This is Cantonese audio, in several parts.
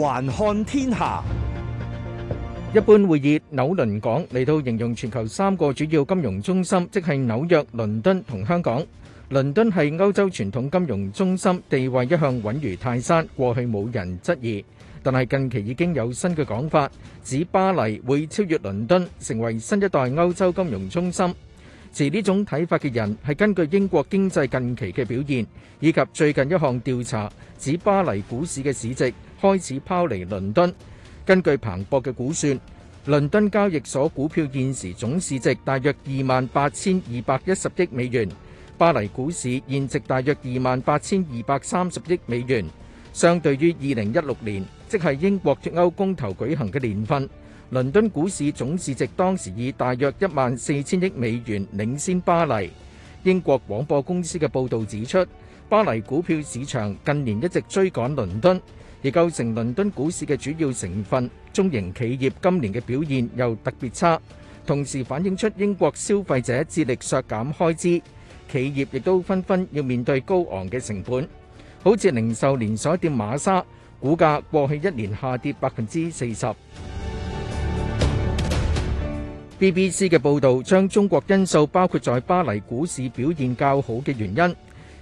環看天下，一般會以紐倫港嚟到形容全球三個主要金融中心，即係紐約、倫敦同香港。倫敦係歐洲傳統金融中心，地位一向穩如泰山，過去冇人質疑。但係近期已經有新嘅講法，指巴黎會超越倫敦，成為新一代歐洲金融中心。持呢種睇法嘅人，係根據英國經濟近期嘅表現，以及最近一項調查，指巴黎股市嘅市值。開始拋離倫敦。根據彭博嘅估算，倫敦交易所股票現時總市值大約二萬八千二百一十億美元；巴黎股市現值大約二萬八千二百三十億美元。相對於二零一六年，即係英國脫歐公投舉行嘅年份，倫敦股市總市值當時以大約一萬四千億美元領先巴黎。英國廣播公司嘅報導指出，巴黎股票市場近年一直追趕倫敦。而構成倫敦股市嘅主要成分、中型企業今年嘅表現又特別差，同時反映出英國消費者致力削減開支，企業亦都紛紛要面對高昂嘅成本。好似零售連鎖店瑪莎，股價過去一年下跌百分之四十。BBC 嘅報道將中國因素包括在巴黎股市表現較好嘅原因。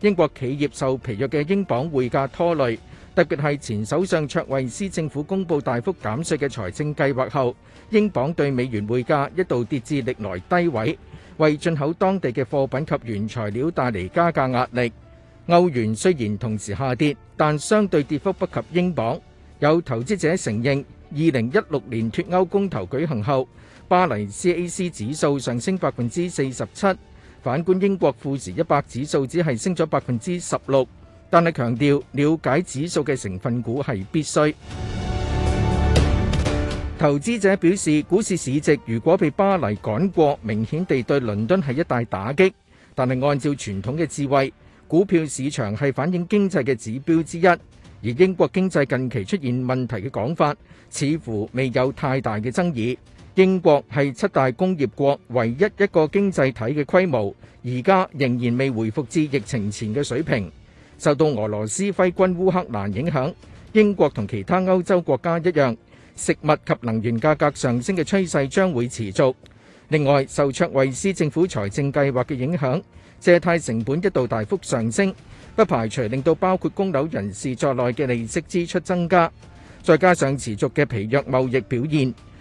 英國企業受疲弱嘅英鎊匯價拖累，特別係前首相卓慧思政府公布大幅減稅嘅財政計劃後，英鎊對美元匯價一度跌至歷來低位，為進口當地嘅貨品及原材料帶嚟加價壓力。歐元雖然同時下跌，但相對跌幅不及英鎊。有投資者承認，2016年脫歐公投舉行後，巴黎 CAC 指數上升百分之四十七。反觀英國富時一百指數只係升咗百分之十六，但係強調了解指數嘅成分股係必須。投資者表示，股市市值如果被巴黎趕過，明顯地對倫敦係一大打擊。但係按照傳統嘅智慧，股票市場係反映經濟嘅指標之一，而英國經濟近期出現問題嘅講法，似乎未有太大嘅爭議。英國係七大工業國唯一一個經濟體嘅規模，而家仍然未恢復至疫情前嘅水平。受到俄羅斯揮軍烏克蘭影響，英國同其他歐洲國家一樣，食物及能源價格上升嘅趨勢將會持續。另外，受卓維斯政府財政計劃嘅影響，借貸成本一度大幅上升，不排除令到包括供樓人士在內嘅利息支出增加，再加上持續嘅疲弱貿易表現。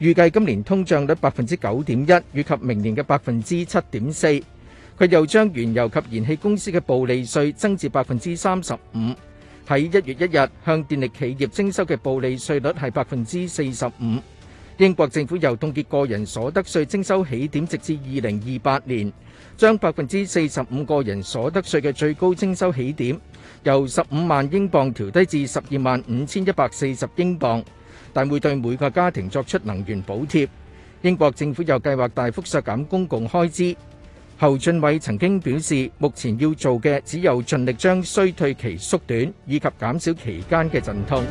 預計今年通脹率百分之九點一，以及明年嘅百分之七點四。佢又將原油及燃氣公司嘅暴利稅增至百分之三十五。喺一月一日向電力企業徵收嘅暴利稅率係百分之四十五。英國政府又凍結個人所得稅徵收起點，直至二零二八年，將百分之四十五個人所得稅嘅最高徵收起點由十五萬英鎊調低至十二萬五千一百四十英鎊。但會對每個家庭作出能源補貼。英國政府又計劃大幅削減公共開支。侯俊偉曾經表示，目前要做嘅只有盡力將衰退期縮短，以及減少期間嘅陣痛。